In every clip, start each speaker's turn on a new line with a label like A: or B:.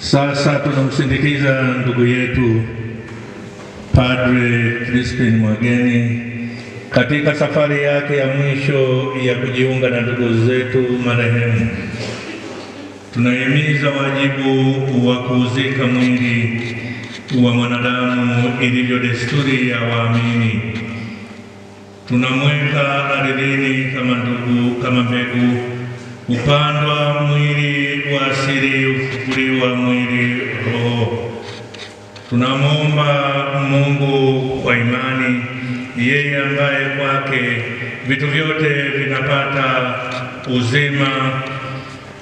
A: Sasa tunamsindikiza ndugu yetu Padre Crispin Mwageni katika safari yake ya mwisho ya kujiunga na ndugu zetu marehemu. Tunahimiza wajibu wa kuuzika mwili wa mwanadamu ilivyo desturi ya waamini. Tunamweka ardhini kama ndugu, kama mbegu Kupandwa mwili wa siri, ufufuliwa mwili roho. Tunamwomba Mungu kwa imani, yeye ambaye kwake vitu vyote vinapata uzima,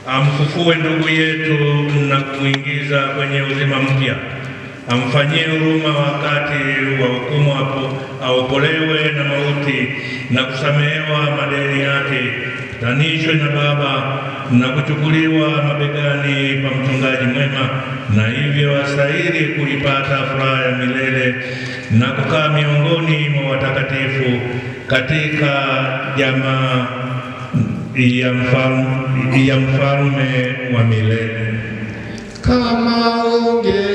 A: amfufue ndugu yetu na kumwingiza kwenye uzima mpya, amfanyie huruma wakati wa hukumu, hapo aokolewe na mauti na kusamehewa madeni yake tanishwe na Baba na kuchukuliwa mabegani pa mchungaji mwema, na hivyo wastahili kuipata furaha ya milele na kukaa miongoni mwa watakatifu katika jamaa ya mfalme wa milele
B: kama unge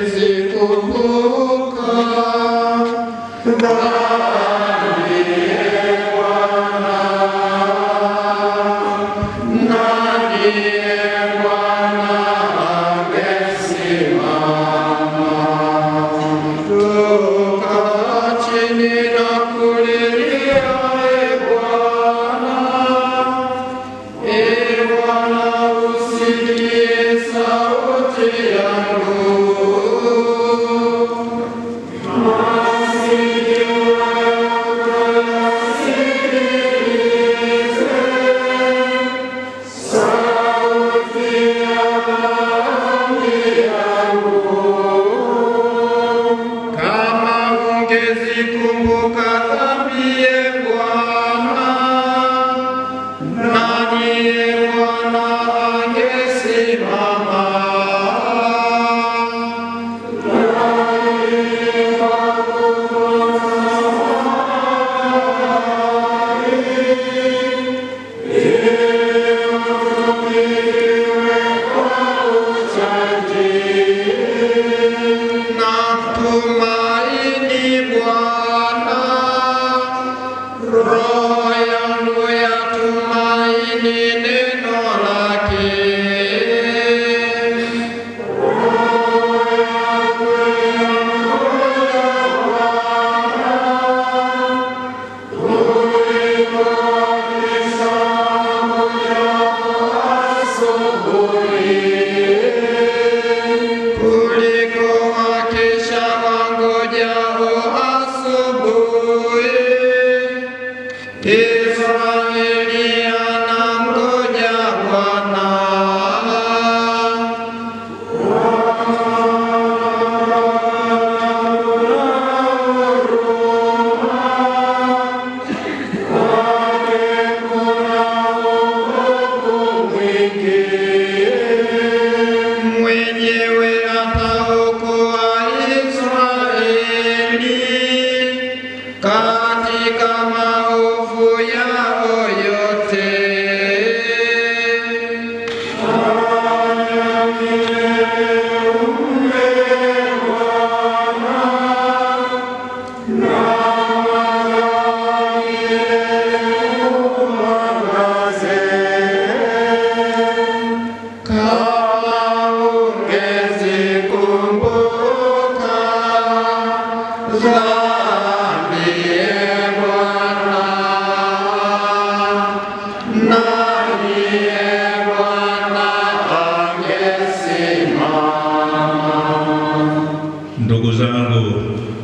B: Hallelujah.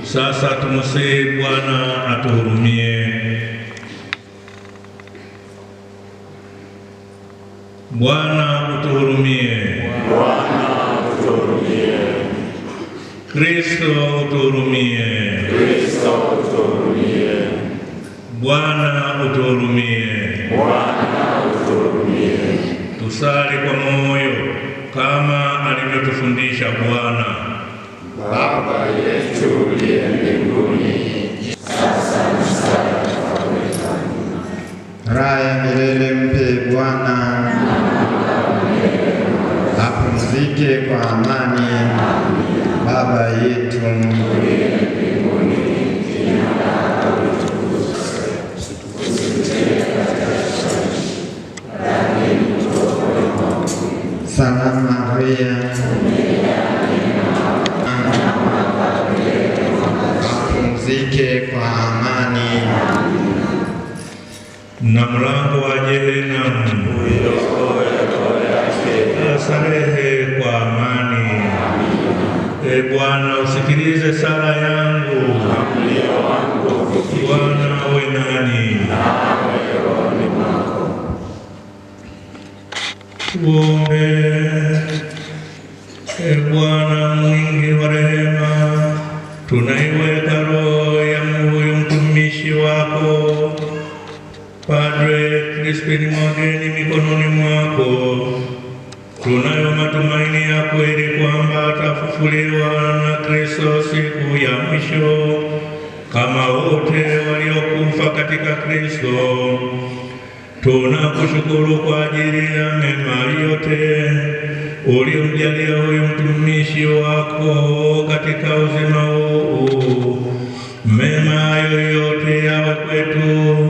A: Sasa tumusee Bwana atuhurumie. Bwana utuhurumie.
C: Bwana utuhurumie.
A: Kristo utuhurumie.
C: Kristo utuhurumie.
A: Bwana utuhurumie.
C: Bwana utuhurumie.
A: Tusali kwa moyo kama alivyotufundisha Bwana.
C: Baba yetu uliye mbinguni, sasa ni saa ya
A: Raha ya milele mpe Bwana, apumzike kwa amani. Baba yetu uliye mbinguni, jina pumzike kwa amani. Na mlango wa jehanamu asarehe kwa amani. E Bwana, usikilize sala yangu. Bwana we nani? Tuombe. E Bwana mwingi wa rehema, tunaiwe Padre, Krispini mwageni mikononi mwako, tunayo matumaini ya kweli kwamba atafufuliwa na Kristo siku ya mwisho kama wote waliokufa katika Kristo. Tunakushukuru kwa ajili ya mema yote uliomjalia huyu mtumishi wako katika uzima huu. Mema yoyote yawe kwetu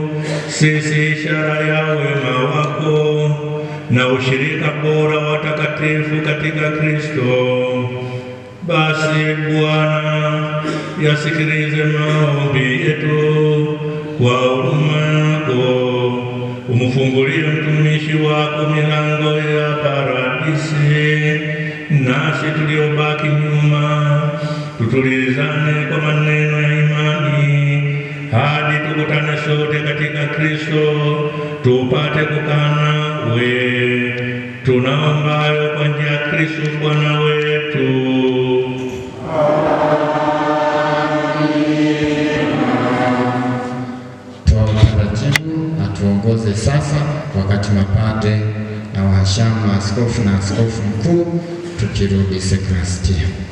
A: sisi ishara ya wema wako na ushirika bora watakatifu katika Kristo. Basi Bwana, yasikilize maombi yetu kwa huruma yako, umfungulie mtumishi wako milango ya paradisi, nasi tuliobaki nyuma tutulizane kwa maneno ya imani hadi tukutane sote Kristo tupate kukana we tunaomba kwa njia ya Kristo Bwana wetu. Tutaratibu na tuongoze sasa, wakati mapadre na washamu askofu na askofu mkuu tukirudi sekrastia.